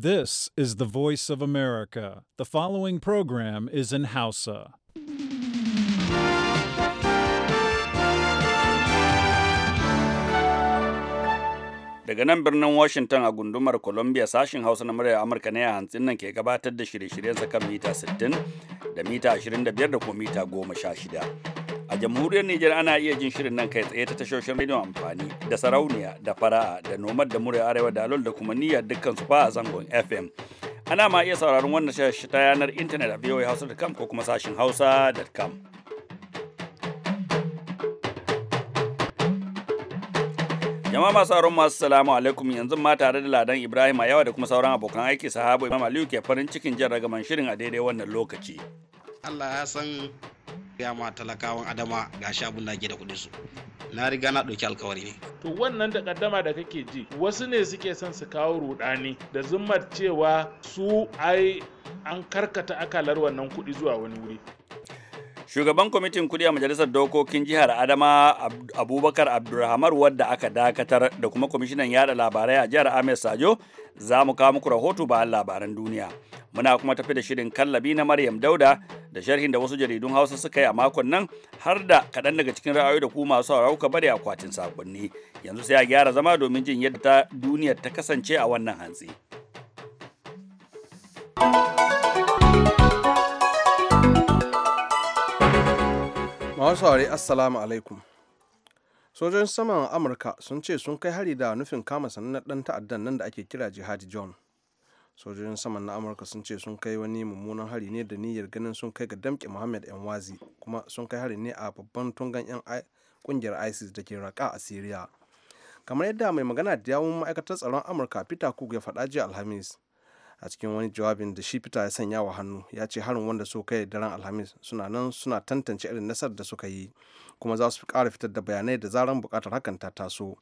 This is the voice of America. The following program is in Hausa. Daga nan birnin Washington a gundumar Columbia sashin Hausa na muryar Amurka ne a hantsin nan ke gabatar da shirye shiryen kan mita 60 da mita 25 da kuma mita 16. A jamhuriyar Nijar ana iya jin shirin nan kai tsaye ta tashoshin rediyon amfani da sarauniya da fara'a da nomad da murya arewa da alol da kuma niyyar dukkan su fa a zangon FM. Ana ma iya sauraron wannan shashi ta yanar intanet a voahausa.com ko kuma sashin hausa.com. jama'a masu auren masu salamu alaikum yanzu ma tare da ladan ibrahim a yawa da kuma sauran abokan aiki sahabu imam aliyu ke farin cikin jan ragaman shirin a daidai wannan lokaci allah ya san ya ma talakawan adama ga shi abin da ke da su na riga na ɗauki alkawari ne to wannan da kaddama da kake ji wasu ne suke son su kawo rudani da zummar cewa su ai an karkata akalar wannan kuɗi zuwa wani wuri shugaban kwamitin kudi a majalisar dokokin jihar adama abubakar abdulrahman wadda aka dakatar da kuma kwamishinan yada labarai a jihar ahmed sajo za mu kawo muku rahoto bayan labaran duniya muna kuma tafi da shirin kallabi na maryam dauda da sharhin da wasu jaridun hausa suka yi a makon nan har da kaɗan daga cikin ra'ayoyi da kuma masu sauraro ka bari akwatin sakonni yanzu sai a gyara zama domin jin yadda duniyar ta kasance a wannan hantsi. masu saurari assalamu alaikum sojojin saman amurka sun ce sun kai hari da nufin kama sanannen dan ta'addan nan da ake kira jihadi john sojojin saman na amurka sun ce sun kai wani mummunan hari ne da niyyar ganin sun kai ga damke muhammad yan wazi kuma sun kai hari ne a babban tungan yan kungiyar isis da ke raka a syria kamar yadda mai magana da yawun ma'aikatar tsaron amurka peter cook ya faɗa jiya alhamis a cikin wani jawabin da shi fita ya sanya wa hannu ya ce harin wanda su kai daren alhamis suna nan suna tantance irin nasar da suka yi kuma za su ƙara fitar da bayanai da zaran bukatar hakan ta taso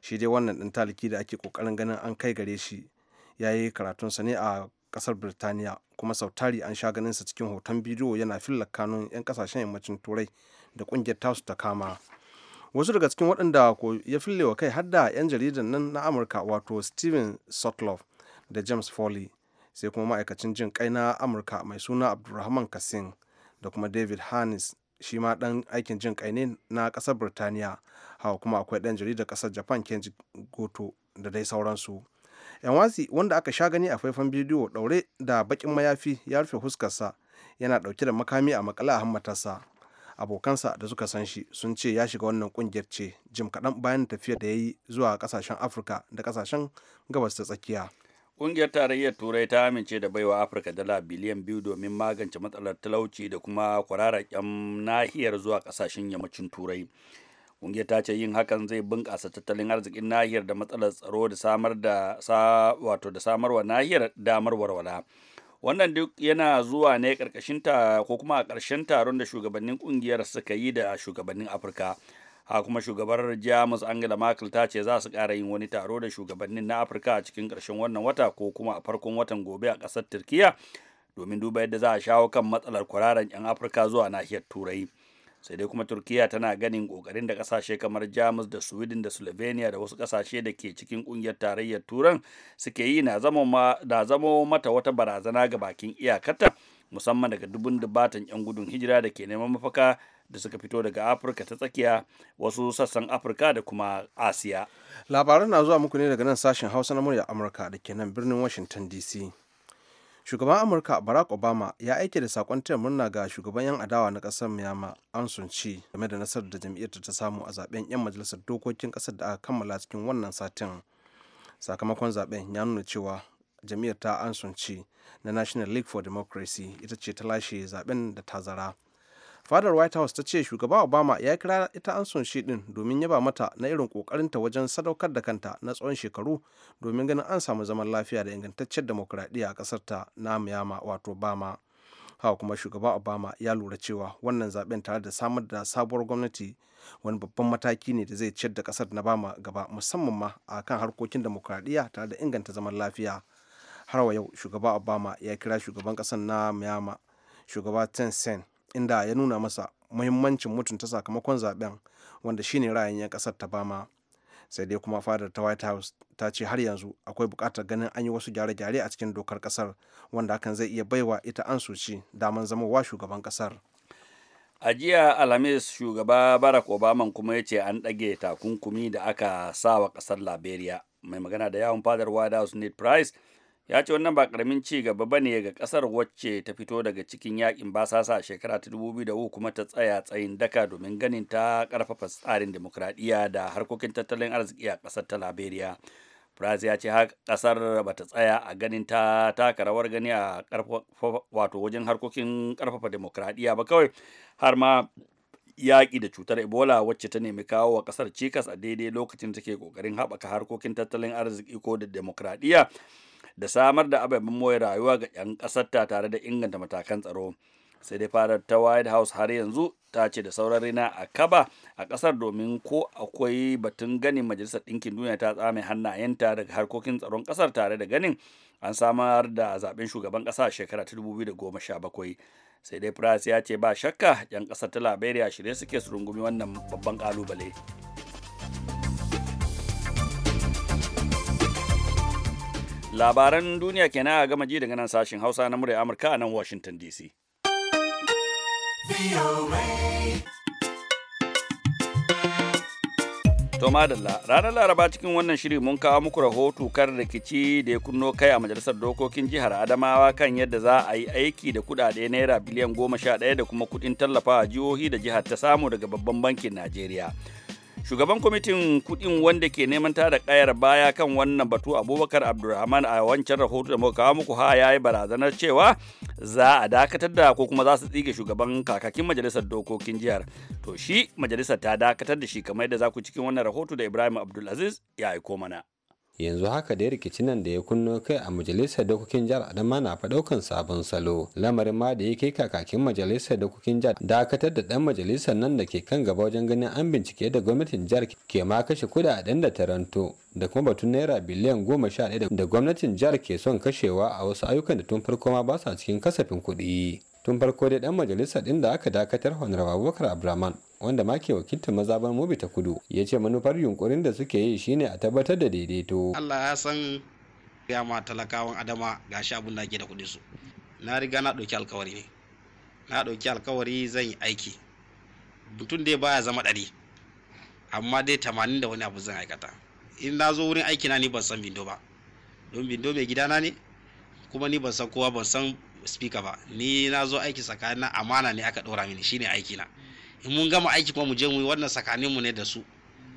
shi dai wannan ɗin taliki da ake ƙoƙarin ganin an kai gare shi ya yi sa ne a ƙasar birtaniya kuma sautari an sha ganin sa cikin hoton bidiyo yana filla kanun 'yan kasashen yammacin turai da kungiyar tasu ta kama wasu daga cikin waɗanda ya fillewa kai har da 'yan jaridan nan na amurka wato steven sotloff da james foley sai kuma ma'aikacin jin kai na amurka mai suna abdulrahman kasin da kuma david hannes shi ma dan aikin jin kai ne na kasar birtaniya hawa kuma akwai dan jaridar kasar japan kenji goto da dai sauransu yan wasi wanda aka sha gani a faifan bidiyo daure da bakin mayafi ya rufe huskarsa yana dauke da makami a makala a hammatarsa abokansa da suka san shi sun ce ya shiga wannan kungiyar ce jim kaɗan bayan tafiyar da ya yi zuwa kasashen afirka da ƙasashen gabas ta tsakiya Ƙungiyar Tarayyar Turai ta amince da baiwa Afirka dala biliyan biyu domin magance matsalar talauci da kuma kwararar 'yan nahiyar zuwa ƙasashen yammacin Turai. Ƙungiyar ta ce yin hakan zai bunƙasa tattalin arzikin nahiyar da matsalar tsaro da samar da sa wato da samarwa nahiyar damar warwala. wannan duk yana zuwa ne ƙarƙashin ta ko kuma a ƙarshen taron da shugabannin ƙungiyar suka yi da shugabannin afirka A kuma shugabar jamus angela merkel ta ce za su ƙara yin wani taro da shugabannin na afirka a cikin ƙarshen wannan wata ko kuma a farkon watan gobe a ƙasar turkiya domin duba yadda za a shawo kan matsalar kwararan 'yan afirka zuwa nahiyar turai sai dai kuma turkiya tana ganin kokarin da kasashe kamar jamus da sweden da slovenia da wasu kasashe da ke cikin ƙungiyar tarayyar turan suke yi na zamo mata wata barazana ga bakin iyakarta musamman daga dubun dubatan 'yan gudun hijira da ke neman mafaka da suka fito daga afirka ta tsakiya wasu sassan afirka da kuma asiya labaran na zuwa muku ne daga nan sashen hausa na murya amurka da ke nan birnin washington dc shugaban amurka barack obama ya aike da sakon taya murna ga shugaban yan adawa na kasar miyama sun ci game da nasarar da jam'iyyar ta samu a zaben yan majalisar dokokin kasar da aka kammala cikin wannan satin sakamakon zaben ya nuna cewa jam'iyyar ta ansunci na national league for democracy ita ce ta lashe zaben da tazara fadar white house ta ce shugaba obama ya kira ita ansunci din domin yaba mata na irin ta wajen sadaukar da kanta na tsawon shekaru domin ganin an samu zaman lafiya da ingantaccen demokradiyya a kasar ta na miyama wato bama haka kuma shugaba obama ya lura cewa wannan zaben tare da samar da sabuwar gwamnati wani babban mataki ne da zai ciyar da kasar na bama gaba musamman ma a kan harkokin demokradiyya tare da inganta zaman lafiya har wa yau shugaba obama ya kira shugaban kasar na myanmar shugaba tencent inda ya nuna masa muhimmancin mutunta sakamakon zaben wanda shine ra'ayin 'yan kasar ta bama sai dai kuma fadar ta white house ta ce har yanzu akwai bukatar ganin an yi wasu gyare-gyare a cikin dokar kasar wanda hakan zai iya baiwa ita an soci daman zamowa shugaban kasar a jiya alhamis shugaba barack obama kuma ya ce an ɗage takunkumi da aka sa wa ƙasar liberia mai magana da yawon fadar white house ned price ya ce wannan ba karamin ci gaba ba ne ga kasar wacce ta fito daga cikin yakin basasa a shekara ta da uku kuma ta tsaya tsayin daka domin ganin ta karfafa tsarin demokradiyya da harkokin tattalin arziki a kasar ta liberia france ya ce kasar ba ta tsaya a ganin ta taka rawar gani a wato wajen harkokin karfafa demokradiyya ba kawai har ma yaƙi da cutar ebola wacce ta nemi kawo wa ƙasar cikas a daidai lokacin take ƙoƙarin haɓaka harkokin tattalin arziki ko da demokradiyya da samar da ababen more rayuwa ga 'yan ƙasarta tare da inganta matakan tsaro sai dai fadar ta white house har yanzu ta ce da sauran rina a kaba a ƙasar domin ko akwai batun ganin majalisar ɗinkin duniya ta tsame hannayenta daga harkokin tsaron ƙasar tare da ganin an samar da zaben shugaban ƙasa a shekara ta sha bakwai sai dai price ya ce ba shakka 'yan ƙasar ta liberia shirye suke su rungumi wannan babban ƙalubale. labaran duniya kenan a gama ji daga nan sashen hausa na murya amurka a nan washington dc To madalla ranar laraba cikin wannan shiri mun kawo muku rahoto kan rikici da ya kunno kai a majalisar dokokin jihar Adamawa kan yadda za a yi aiki da kudade naira biliyan goma sha ɗaya da kuma kudin tallafawa jihohi da jihar ta samu daga babban bankin Najeriya. shugaban kwamitin kudin wanda ke neman tada kayar baya kan wannan batu abubakar abdulrahman a wancan rahoto da muka kawo muku ha ya yi barazanar cewa za a dakatar da ko kuma za su tsige shugaban kakakin majalisar dokokin jihar to shi majalisar ta dakatar da shi kamar yadda za ku cikin wannan rahoto da ibrahim abdulaziz ya aiko mana yanzu haka da ya rikici nan da ya kunno kai a majalisar dokokin jihar adama na faɗaukan sabon salo lamarin ma da ya kai kakakin majalisar dokokin jihar dakatar da dan majalisar nan da ke kan gaba wajen ganin an bincike da gwamnatin jihar ke ma kashe kudaden da taranto da kuma batun naira biliyan goma sha ɗaya da gwamnatin jihar ke son kashewa a wasu ayyukan da tun farko ma ba sa cikin kasafin kuɗi tun farko dai dan majalisa din da aka dakatar honar abubakar abraman wanda ma ke wakiltar mazaban mobi ta kudu ya ce manufar yunkurin da suke yi shine a tabbatar da daidaito allah ya san ya ma talakawan adama ga shi abun da ake da kudi su na riga na ɗauki alkawari ne na ɗauki alkawari zan yi aiki mutum dai baya zama ɗari amma dai tamanin da wani abu zan aikata in na zo wurin aikina ni ban san bindo ba don bindo mai gidana ne kuma ni ban san kowa ban san speaker ba ni na zo aiki tsakanin amana ne aka ɗora mini shine aiki na in mun gama aiki kuma mu je mu yi wannan tsakanin mu ne da su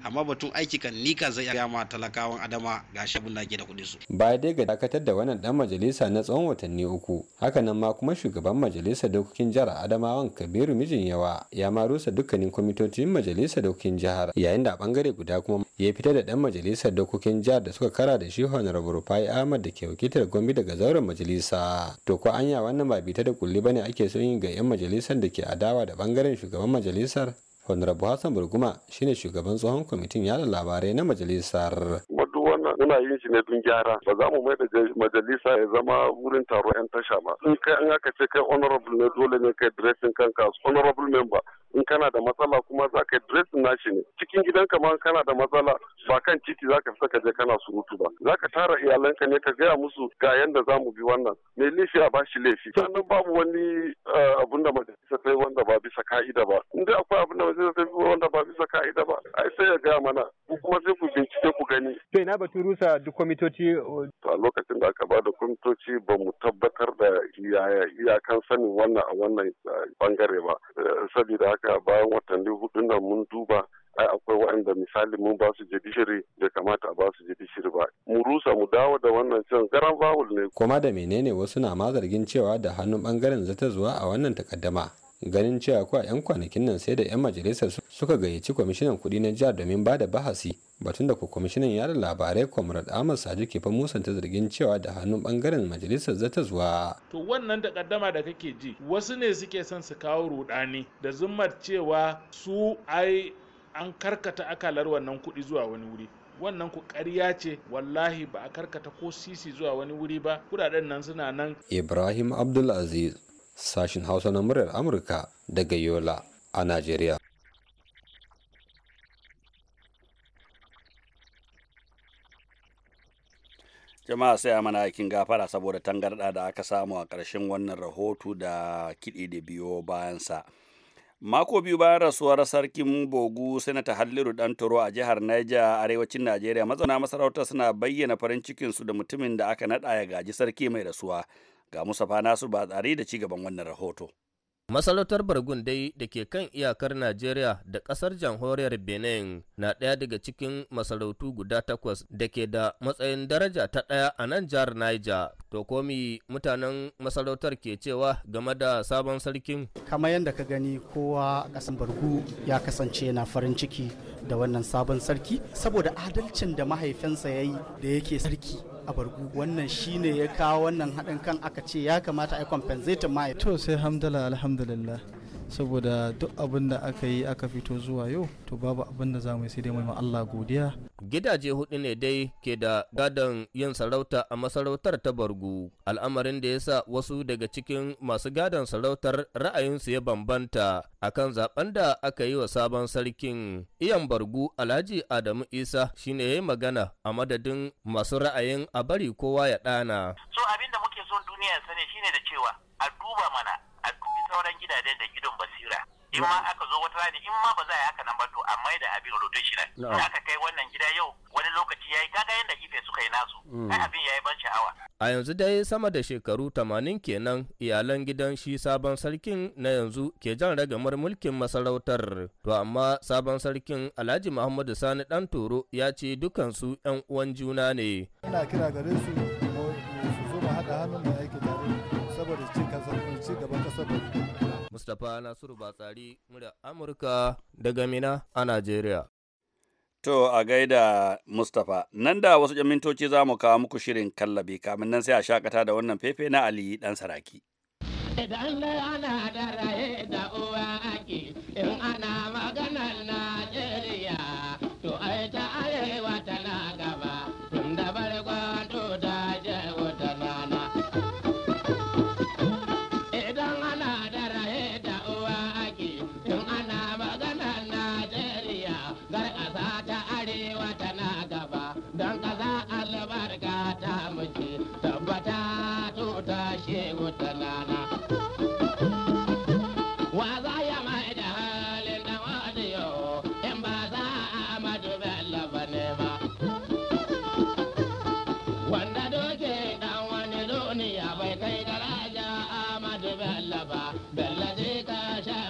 amma batun aiki kan nika zai ya ma talakawan adama ga shabun da da kuɗin su baya dai ga dakatar da wannan dan majalisa na tsawon watanni uku hakanan ma kuma shugaban majalisar dokokin jihar adamawan kabiru mijin yawa ya ma rusa dukkanin kwamitocin majalisar dokokin jihar yayin da a bangare guda kuma ya fita da dan majalisar dokokin jihar da suka kara da shi honorable rufai ahmad da ke wakiltar gombe daga zauren majalisa to ko anya wannan ba bita da kulli ne ake so yi ga yan majalisar da ke adawa da bangaren shugaban majalisar Honorable Hassan Burguma shine shugaban tsohon kwamitin yada labarai na majalisar. wannan muna yin shi ne don gyara ba za mu mai da majalisa ya zama wurin taro 'yan tasha ba in kai ce kai honorable ne dole ne kai dressing kanka honorable member in kana da matsala kuma za ka na shi ne cikin gidan ma kana da matsala ba kan titi za ka fita ka je kana surutu ba za ka tara iyalanka ne ka gaya musu ga yanda za mu bi wannan mai laifi a bashi lefi sannan babu wani eh, abun da majalisa ta yi wanda ba bisa ka'ida ba in dai akwai abun da majalisa ta yi wanda ba bisa ka'ida ba ai sai ya gaya mana ku kuma sai ku bincike ku gani. to ina batu rusa duk kwamitoci. a lokacin da aka ba da kwamitoci ba mu tabbatar da iyakan sanin wannan a wannan eh, bangare ba eh, saboda haka haka bayan watanni hudu nan mun duba ai akwai waɗanda misali mun ba su judiciary da kamata a ba su judiciary ba mu rusa mu dawo da wannan cin garan bawul ne kuma da menene wasu na ma zargin cewa da hannun bangaren zata zuwa a wannan takaddama ganin cewa ko a 'yan kwanakin nan sai da 'yan majalisar suka gayyaci kwamishinan kudi na jihar domin ba da bahasi batun da kwamishinan da labarai comrade ahmad saju ke fa ta zargin cewa da hannun bangaren majalisar zata zuwa to wannan takaddama da kake ji wasu ne suke son su kawo rudani da zummar cewa su ai an karkata akalar wannan kudi zuwa wani wuri wannan ku ƙarya ce wallahi ba a karkata ko sisi zuwa wani wuri ba kudaden nan suna nan ibrahim abdulaziz sashin hausa na muryar amurka daga yola a najeriya jama'a sai mana aikin gafara saboda tangarɗa da aka samu a ƙarshen wannan rahoto da kiɗi da biyo bayansa mako biyu bayan rasuwar sarkin bogu sanata halliru dan toro a jihar naija arewacin najeriya mazauna masarautar suna bayyana farin cikinsu da mutumin da aka naɗa ya gaji sarki mai rasuwa Ga nasu ba tsari da ci gaban wannan rahoto. masalautar Bargun dai da ke kan iyakar Najeriya da ƙasar jamhuriyar Benin na ɗaya daga cikin masarautu guda takwas da ke da matsayin daraja ta ɗaya a nan jihar Niger. To komi mutanen masalautar ke cewa game da sabon sarkin. kama yadda ka gani kowa a ƙasar Bargu ya kasance na farin ciki da wannan sabon sarki saboda adalcin da mahaifinsa ya yi da yake sarki. a bargu wannan ne ya kawo wannan haɗin kan aka ce ya kamata a compensate ma to sai hamdala alhamdulillah saboda duk abin da aka yi aka fito zuwa yau to babu abin da za mu sai dai mai Allah godiya gidaje hudu ne dai ke da gadon yin sarauta a masarautar ta bargu al'amarin da yasa wasu daga cikin masu gadon sarautar ra'ayinsu ya bambanta akan zaben da aka yi wa sabon sarkin iyan bargu alhaji adamu isa shine ya yi magana a madadin masu ra'ayin a bari kowa ya ɗana so abin da muke son duniya sani shine da cewa a duba mana sauran gidajen da gidan basira in ma mm. aka zo wata rani in ma ba za a yi haka nan ba to a da abin in aka kai wannan gida yau wani lokaci yayi kaga yanda ife suka yi nasu mm. ai abin yayi ban sha'awa a yanzu dai sama da shekaru tamanin kenan iyalan gidan shi sabon sarkin na yanzu ke jan ragamar mulkin masarautar to amma sabon sarkin Alhaji Muhammadu Sani dan Toro ya ce dukansu yan uwan juna ne ina kira gare su su zo mu haɗa hannu saboda ci gaban kasa mu Mustapha Nasiru Batsari murya Amurka daga Mina a Najeriya To a gaida Mustapha nan da wasu ƴan mintoci za mu kawo muku shirin kallabi kamin nan sai a shakata da wannan fefe na Ali dan Saraki Idan ana ana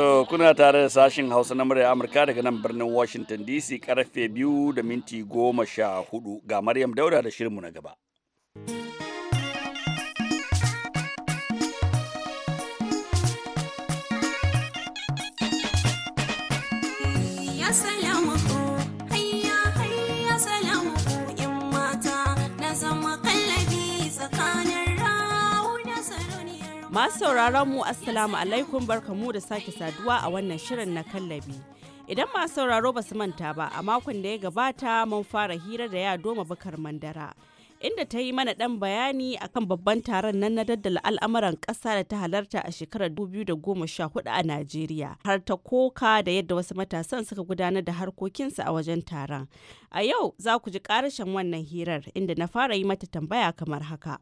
so kuna tare da sashin Hausa na murya Amurka daga nan birnin Washington DC karfe biyu da minti goma sha hudu ga Maryam Dauda da shirinmu na gaba. Masu sauraron mu Assalamu alaikum barkamu da sake saduwa a wannan shirin na kallabi. Idan masu sauraro ba su manta ba a makon da ya gabata mun fara hira da ya doma bakar mandara. Inda ta yi mana ɗan bayani akan babban taron nan na daddala al'amuran ƙasa da ta halarta a shekarar 2014 a Najeriya har ta koka da yadda wasu matasan suka gudanar da harkokinsu a wajen taron. A yau za ku ji ƙarashin wannan hirar inda na fara yi mata tambaya kamar haka.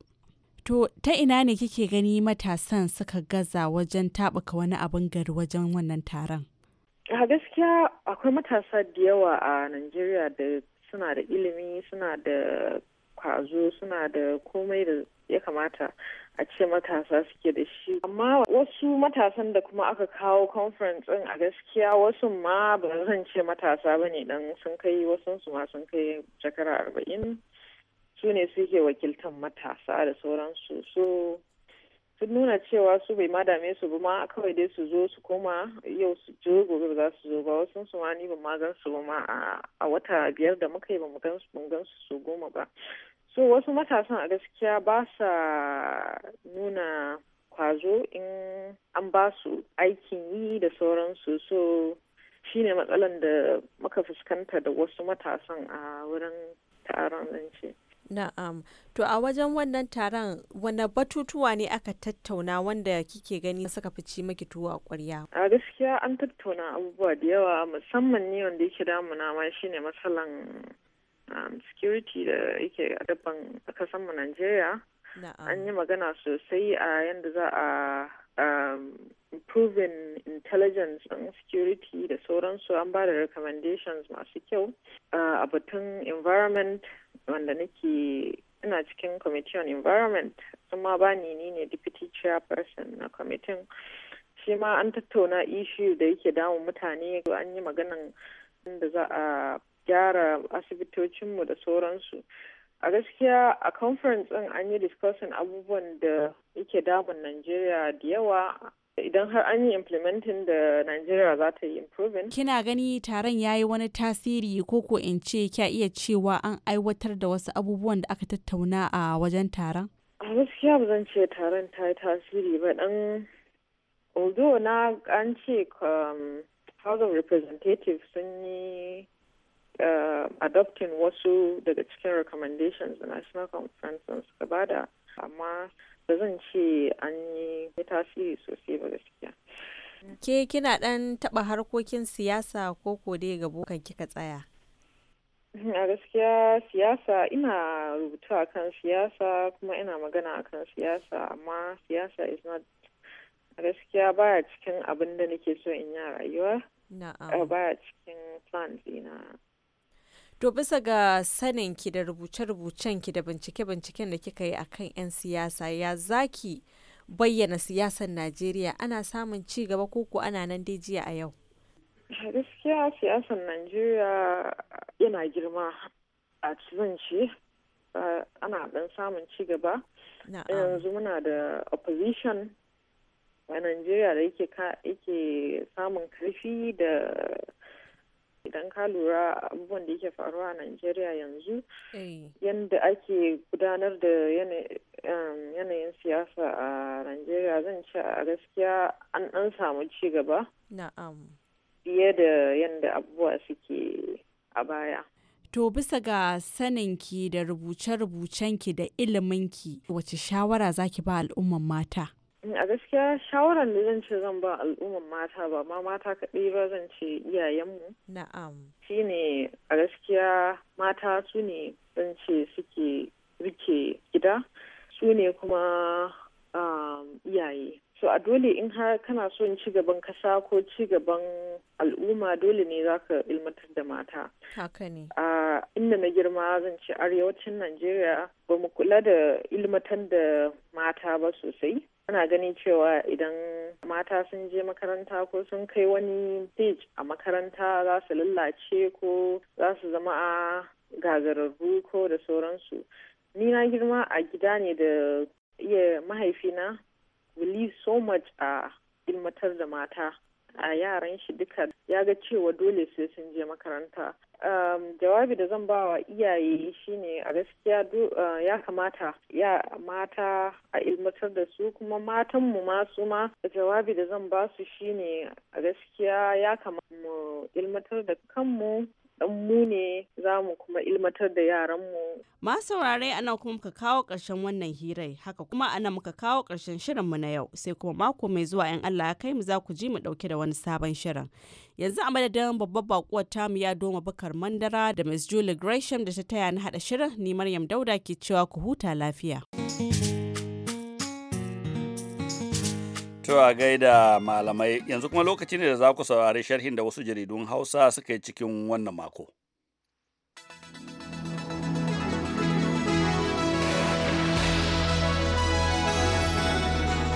To ta ina ne kike gani matasan suka gaza wajen taɓuka wani abin gari wajen wannan taron? A gaskiya akwai matasa da yawa a Najeriya da suna da ilimi suna da kwazo suna da komai da ya kamata a ce matasa suke da shi amma wasu matasan da kuma aka kawo conference din a gaskiya wasu ma ba zan ce matasa ba ne dan sun kai wasu su ma sun kai shekara arba'in su ne suke wakiltan matasa da sauransu su sun nuna cewa su bai ma dame su ba ma kawai dai su zo su koma yau su je gobe ba za su zo ba wasu su ma ni ban ma gan su ba ma a wata biyar da muka yi ba mu gan su su goma ba so wasu matasan a gaskiya ba sa nuna kwazo in an ba su aikin yi da sauransu so shine matsalan da muka fuskanta da wasu matasan a wurin taron zance. Na'am. To a wajen wannan taron wane batutuwa ne aka tattauna wanda kike gani suka fici maki tuwa ƙwarya? A gaskiya an tattauna abubuwa da yawa musamman ne wanda yake na ma shine matsalan um, security da yake a daban kasanmu Najeriya. an yi magana sosai a yadda za a um, improving intelligence and security da sauransu an ba da recommendations masu kyau uh, a batun environment wanda nake ina cikin committee on environment ma ba ni ne deputy chairperson na committee shi ma an tattauna issue da yake damun mutane an yi maganan da za a gyara asibitocinmu da sauransu a gaskiya a conference din an yi discussion abubuwan da yake damun Najeriya da yawa idan har an yi implementing da Najeriya za ta yi improving. Kina gani taron ya yi wani tasiri ko ko in ce kya iya cewa an aiwatar da wasu abubuwan da aka tattauna a wajen taron? A gaskiya ba zan ce taron ta yi tasiri ba dan although na an ce um, House of Representatives sun yi Uh, adopting wasu daga cikin recommendations da national conference on bada amma da zan ce an yi tasiri sosai ba gaskiya ke kina dan taba harkokin siyasa ko ko dai ga kika tsaya a gaskiya siyasa ina rubutu kan siyasa kuma ina magana akan siyasa amma siyasa is not a gaskiya baya cikin abin da nake so in yi a rayuwa baya cikin plan ina To bisa ga sanin ki da rubuce-rubucen ki da bincike-binciken da kika yi akan 'yan siyasa ya zaki bayyana siyasar Najeriya ana samun ci gaba koko ana nan dai jiya a yau. Gaskiya siyasar Najeriya yana girma a zan ce ana dan samun ci gaba. Yanzu muna da opposition a Najeriya da yake samun karfi da idan ka lura abubuwan da yake faruwa a Najeriya yanzu yadda ake gudanar da um, yanayin siyasa a Najeriya zan ce a gaskiya an ɗan samu ci gaba fiye da yadda abubuwa suke a baya. To bisa ga saninki da rubuce-rubucenki da iliminki wace shawara zaki ba al'umman mata? a gaskiya shawarar da zan ce zan ba al'umman mata ba ma mata kaɗai ba zan ce iyayenmu na'am shine a gaskiya mata su ne zan ce suke rike gida su ne kuma um, iyaye so a dole in har kana son ci gaban kasa ko ci gaban al'umma dole ne za ka ilmantar da mata haka ne a inda na girma zan ce arewacin najeriya ba mu kula da ilmatar da mata ba sosai ana ganin cewa idan mata sun je makaranta ko sun kai wani stage a makaranta za su lallace ko za su zama a gagararru ko da sauransu ni na girma a gida ne da iya mahaifina believe so much a ilmatar da mata a yaran shi duka ya ga cewa dole sai sun je makaranta um, jawabi da zan bawa iyaye shine a gaskiya uh, ya kamata ya mata a ilmatar da su kuma matanmu ma masu ma jawabi da zan ba su shine a gaskiya ya kamata mu ilmatar da kanmu dan mu ne za mu kuma ilmatar da yaranmu. Ma saurare ana kuma muka kawo ƙarshen wannan hirai haka kuma ana muka kawo ƙarshen mu na yau sai kuma mako mai zuwa yan Allah ya kai mu za ku ji mu ɗauke da wani sabon shirin. Yanzu a madadin babbar bakuwar tamu ya doma bakar mandara da Miss Julie Gresham da ta taya ni haɗa shirin ni Maryam Dauda ke cewa ku huta lafiya. a gaida malamai yanzu kuma lokaci ne da za ku saurari sharhin da wasu jaridun Hausa suka yi cikin wannan mako.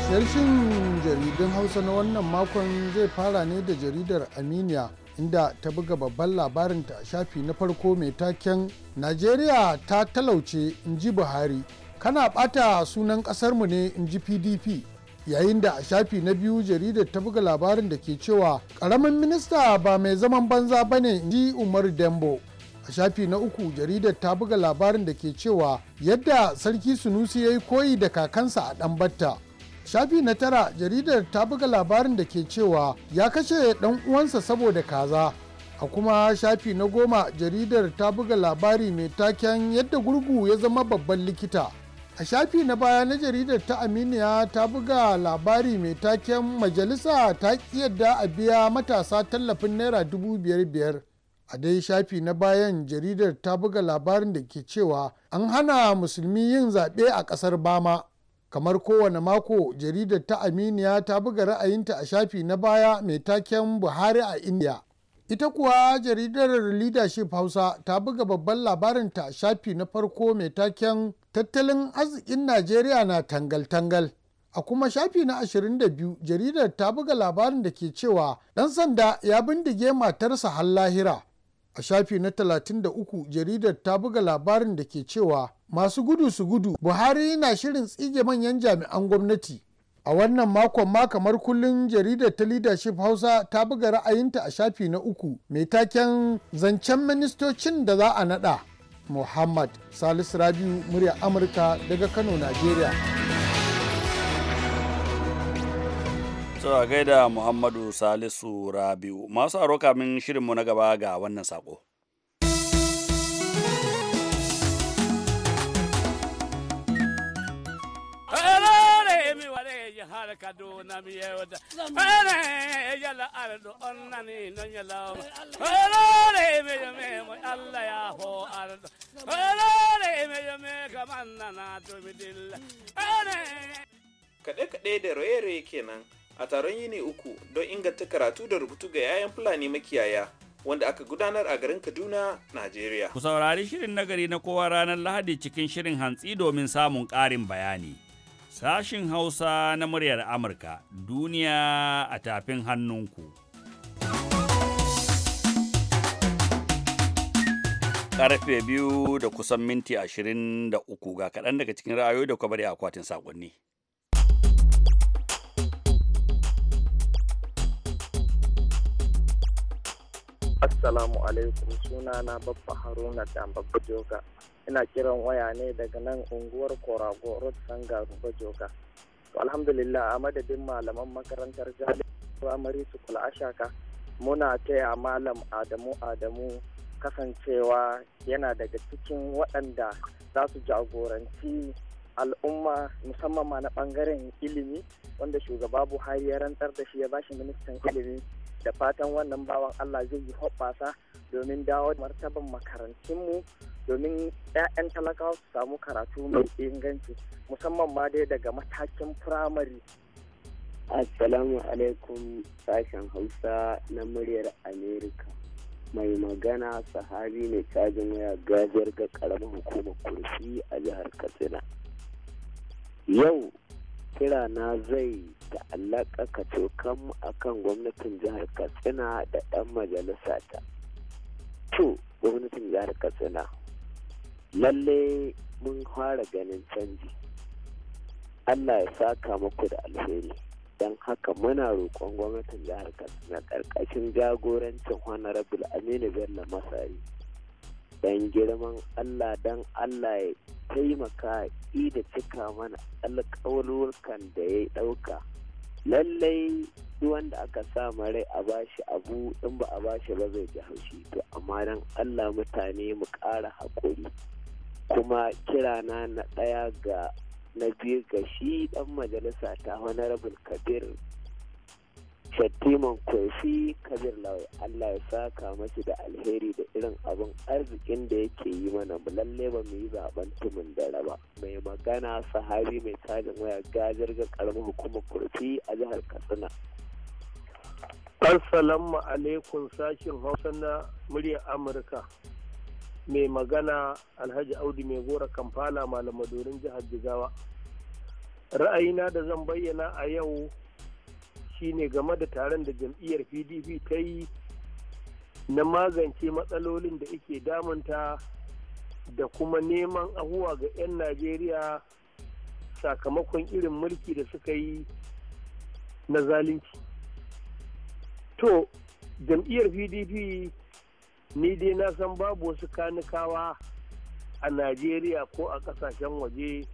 Sharhin jaridun Hausa na wannan makon zai fara ne da jaridar Aminiya inda ta buga babban labarinta a shafi na farko mai taken Najeriya ta talauce in ji Buhari, kana ɓata sunan ƙasarmu ne in ji PDP. yayin da a shafi na biyu jaridar ta buga labarin da ke cewa karamin minista ba mai zaman banza ba ne ji umar dembo a shafi na uku jaridar ta buga labarin da ke cewa yadda sarki sunusi ya yi koyi da kakansa a ɗanbatta shafi na tara jaridar ta buga labarin da ke cewa ya kashe ɗan uwansa saboda kaza a kuma shafi na goma jaridar ta buga labari mai taken yadda gurgu ya zama babban likita a shafi na baya na jaridar ta aminiya ta buga labari mai taken majalisa ta yadda a biya matasa tallafin naira dubu biyar biyar a dai shafi na bayan jaridar ta buga labarin da ke cewa an hana musulmi yin zaɓe a ƙasar bama kamar kowane mako jaridar ta aminiya ta buga ra'ayinta a shafi na baya mai taken buhari a india ita kuwa jaridar leadership hausa ta buga babban labarinta shafi na farko mai taken tattalin arzikin najeriya na tangal-tangal a kuma shafi na 22 jaridar ta buga labarin da ke cewa "Dan sanda ya bindige matarsa har lahira a shafi na 33 jaridar ta buga labarin da ke cewa masu gudu su gudu buhari na shirin tsige manyan jami'an gwamnati A wannan makon ma kamar kullum jaridar ta leadership Hausa ta buga ra'ayinta a shafi na uku mai taken zancen ministocin da za a nada. Muhammad Salisu Rabiu murya Amurka daga Kano, nigeria. So, a gaida Muhammadu Salisu Rabiu masu aro kamin shirinmu na gaba ga wannan sako. kaɗe kaduna mi yewda ere yala ardo kenan a taron yini uku don inganta karatu da rubutu ga yayan fulani makiyaya wanda aka gudanar a garin Kaduna, Najeriya. Ku saurari shirin nagari na kowa ranar Lahadi cikin shirin hantsi domin samun ƙarin bayani. Sashin Hausa na muryar Amurka duniya a tafin hannunku. Karfe biyu da kusan minti ashirin da uku ga kaɗan daga cikin ra'ayoyi da kwabari akwatin saƙonni. Assalamu alaikum suna na babba Haruna da babba Joga. Ina kiran waya ne daga nan unguwar Korago Road Sanga babba Joga. alhamdulillah a madadin malaman makarantar Jami'ar Primary School Ashaka muna taya malam Adamu Adamu kasancewa yana daga cikin waɗanda za su jagoranci al'umma musamman ma na ɓangaren ilimi wanda shugaba Buhari ya rantsar da shi ya bashi ministan ilimi da fatan wannan bawan Allah zai yi hoɓɓasa domin dawo da martaban makarantunmu domin 'ya'yan talakawa su samu karatu mai inganci musamman ma dai daga matakin firamare. Assalamu alaikum sashen Hausa na muryar Amerika. Mai magana sahabi mai cajin waya gajiyar ga karamin hukumar kurfi a jihar Katsina. Yau kira na zai da alaƙa a kan gwamnatin jihar katsina da ɗan majalisa ta to gwamnatin jihar katsina lalle mun fara ganin canji allah ya saka muku da alheri don haka muna roƙon gwamnatin jihar katsina ƙarƙashin jagorancin honorable aminu bello masari don girman allah don allah ya taimaka da cika mana alƙawurkan da ya ɗauka lallai wanda aka sa rai a bashi abu in ba a bashi ba zai ji haushi to amma dan allah mutane mu ƙara haƙuri kuma kirana na ɗaya ga na biyu ga shi ɗan majalisa ta honorable kabir Shattiman Kofi Kabir Lawai Allah ya saka mashi da alheri da irin abin arzikin da yake yi mana mu lalle ba mu yi zaben tumin dare ba. Mai magana sahabi mai tajin waya gajar ga karamin hukumar kurfi a jihar Katsina. Assalamu alaikum sashin Hausa na muryar Amurka. Mai magana Alhaji Audu mai gora kamfala malamadorin jihar Jigawa. Ra'ayina da zan bayyana a yau ne game da taron da jam'iyyar pdp ta yi na magance matsalolin da ike damunta da kuma neman ahuwa ga 'yan najeriya sakamakon irin mulki da suka yi na zalunci to jam'iyyar pdp ni dai na san babu wasu kanikawa a najeriya ko a kasashen waje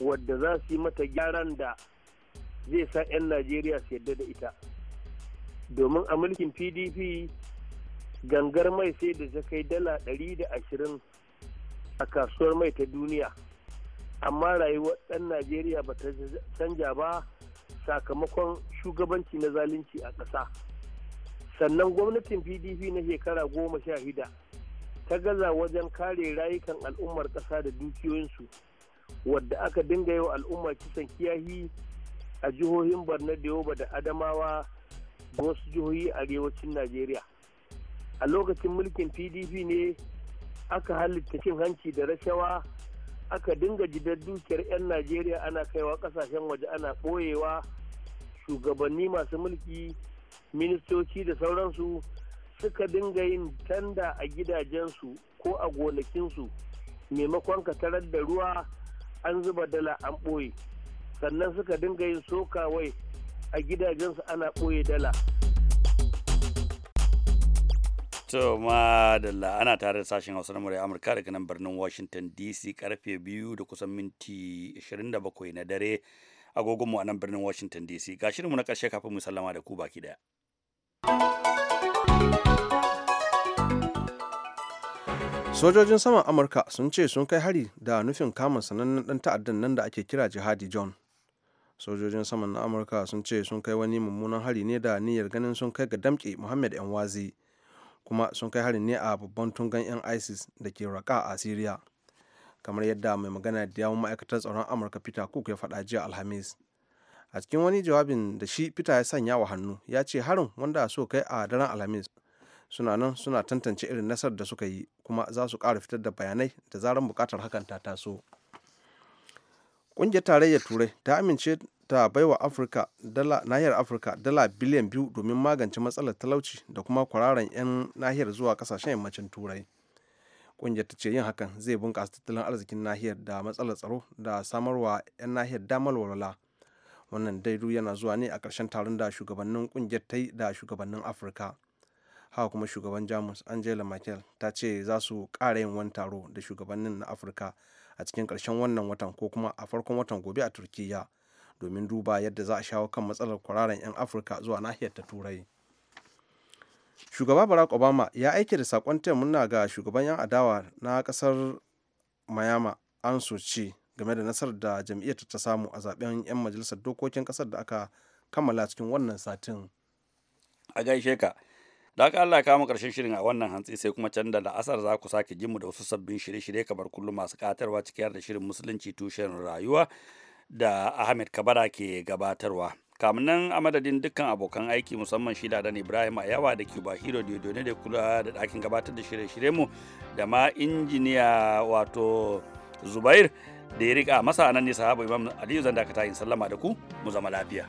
wadda za su yi mata gyaran da zai sa 'yan najeriya su yarda da ita domin a mulkin pdp gangar mai sai da ta kai dala 120 a kasuwar mai ta duniya amma rayuwar ɗan najeriya ba ta canja ba sakamakon shugabanci na zalunci a ƙasa sannan gwamnatin pdp na shekara goma sha shida ta gaza wajen kare rayukan al'ummar ƙasa da dukiyoyinsu wadda aka dinga yau al'umma kisan kiyahi a jihohin barna da da Adamawa da wasu jihohi a arewacin Najeriya. A lokacin mulkin PDP ne aka halitta cin hanci da rashawa aka dinga jidar dukiyar 'yan Najeriya ana kaiwa kasashen waje ana ɓoyewa shugabanni masu mulki ministoci da sauransu suka dinga yin tanda a gidajensu ko a gonakinsu maimakon ka tarar da ruwa an zuba dala an ɓoye sannan suka dinga yin soka wai a gidajensu ana ɓoye dala to madalla ana tare da sashen hausa na murai amurka daga nan birnin washington dc karfe biyu da kusan minti 27 na dare agogonmu a nan birnin washington dc ga shirinmu na karshe kafin mu sallama da ku baki daya sojojin saman amurka sun ce sun kai hari da nufin kamun sanannen dan ta'addan nan da ake kira jihadi john sojojin saman na amurka sun ce sun kai wani mummunan hari ne da niyyar ganin sun kai ga damke muhammad yan wazi kuma sun kai harin ne a babban tungan yan isis da ke raka a syria kamar yadda mai magana da yawon ma'aikatar tsaron amurka peter cook ya faɗa jiya alhamis a cikin wani jawabin da shi peter ya sanya wa hannu ya ce harin wanda so kai a daren alhamis suna nan suna tantance irin nasar da suka yi kuma za su ƙara fitar da bayanai da zarar buƙatar hakan ta taso. ƙungiyar tarayyar turai ta amince ta baiwa afirka dala nahiyar afirka dala biliyan biyu domin magance matsalar talauci da kuma kwararan 'yan nahiyar zuwa kasashen yammacin turai ƙungiyar ta ce yin hakan zai bunkasa tattalin arzikin nahiyar da matsalar tsaro da samarwa 'yan nahiyar damar walwala wannan daidu yana zuwa ne a ƙarshen taron da shugabannin ƙungiyar ta yi da shugabannin afirka haka kuma shugaban jamus angela merkel ta ce za su ƙara yin wani taro da shugabannin na afirka a cikin ƙarshen wannan watan ko kuma a farkon watan gobe a turkiya domin duba yadda za a shawo kan matsalar kwararan 'yan afirka zuwa nahiyar ta turai shugaba barack obama ya aiki da sakon taya ga shugaban 'yan adawa na ƙasar mayama an soci game da nasarar da jam'iyyar ta samu a zaben 'yan majalisar dokokin ƙasar da aka kammala cikin wannan satin a gaishe ka da haka Allah ya kama karshen shirin a wannan hantsi sai kuma can da la'asar za ku sake jinmu da wasu sabbin shirye-shirye kamar kullum masu katarwa ciki da shirin musulunci tushen rayuwa da Ahmed Kabara ke gabatarwa. kamun nan a madadin dukkan abokan aiki musamman shi da ibrahim a yawa da cuba hero ne da kula da ɗakin gabatar da shirye-shirye mu da ma injiniya wato zubair da ya rika masa nan ne sahaba imam aliyu zan dakata in sallama da ku mu zama lafiya